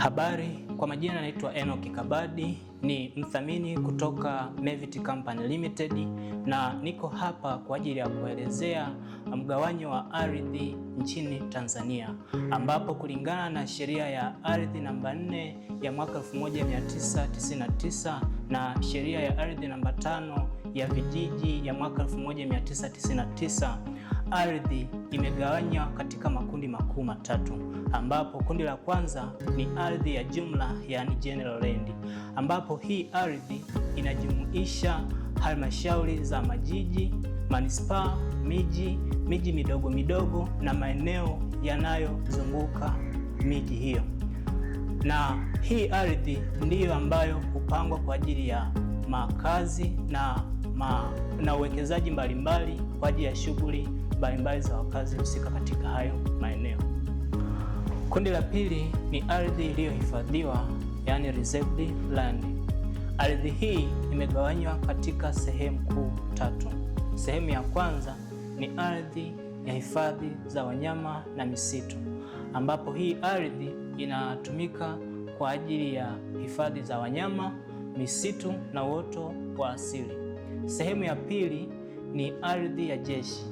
Habari, kwa majina anaitwa Enoch Kabadi, ni mthamini kutoka Mevity Company Limited na niko hapa kwa ajili ya kuelezea mgawanyo wa ardhi nchini Tanzania ambapo kulingana na sheria ya ardhi namba 4 ya mwaka 1999 na sheria ya ardhi namba 5 ya vijiji ya mwaka 1999 ardhi imegawanywa katika makundi makuu matatu, ambapo kundi la kwanza ni ardhi ya jumla, yani general land, ambapo hii ardhi inajumuisha halmashauri za majiji, manispaa, miji, miji midogo midogo na maeneo yanayozunguka miji hiyo, na hii ardhi ndiyo ambayo hupangwa kwa ajili ya makazi na, ma, na uwekezaji mbalimbali kwa ajili ya shughuli mbalimbali za wakazi husika katika hayo maeneo. Kundi la pili ni ardhi iliyohifadhiwa, yani reserved land. Ardhi hii imegawanywa katika sehemu kuu tatu. Sehemu ya kwanza ni ardhi ya hifadhi za wanyama na misitu, ambapo hii ardhi inatumika kwa ajili ya hifadhi za wanyama misitu na uoto wa asili. Sehemu ya pili ni ardhi ya jeshi.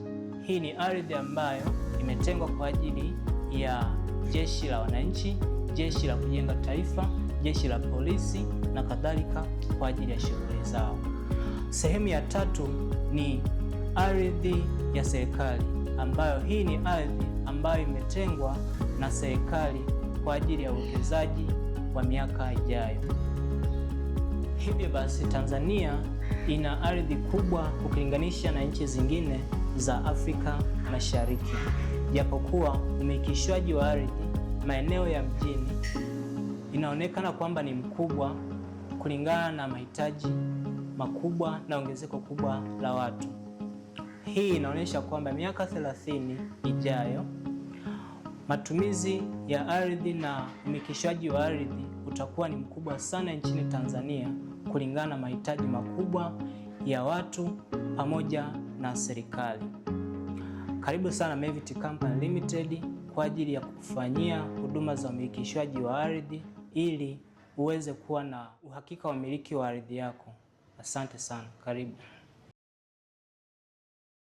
Hii ni ardhi ambayo imetengwa kwa ajili ya jeshi la wananchi, jeshi la kujenga taifa, jeshi la polisi na kadhalika kwa ajili ya shughuli zao. Sehemu ya tatu ni ardhi ya serikali ambayo hii ni ardhi ambayo imetengwa na serikali kwa ajili ya uwekezaji wa miaka ijayo. Hivyo basi Tanzania ina ardhi kubwa ukilinganisha na nchi zingine za Afrika Mashariki, japokuwa umilishwaji wa ardhi maeneo ya mjini inaonekana kwamba ni mkubwa kulingana na mahitaji makubwa na ongezeko kubwa la watu. Hii inaonyesha kwamba miaka 30 ijayo matumizi ya ardhi na umilishwaji wa ardhi utakuwa ni mkubwa sana nchini Tanzania kulingana na mahitaji makubwa ya watu pamoja na serikali. Karibu sana Mevity Company Limited kwa ajili ya kukufanyia huduma za umilikishwaji wa ardhi ili uweze kuwa na uhakika wa umiliki wa ardhi yako. Asante sana, karibu.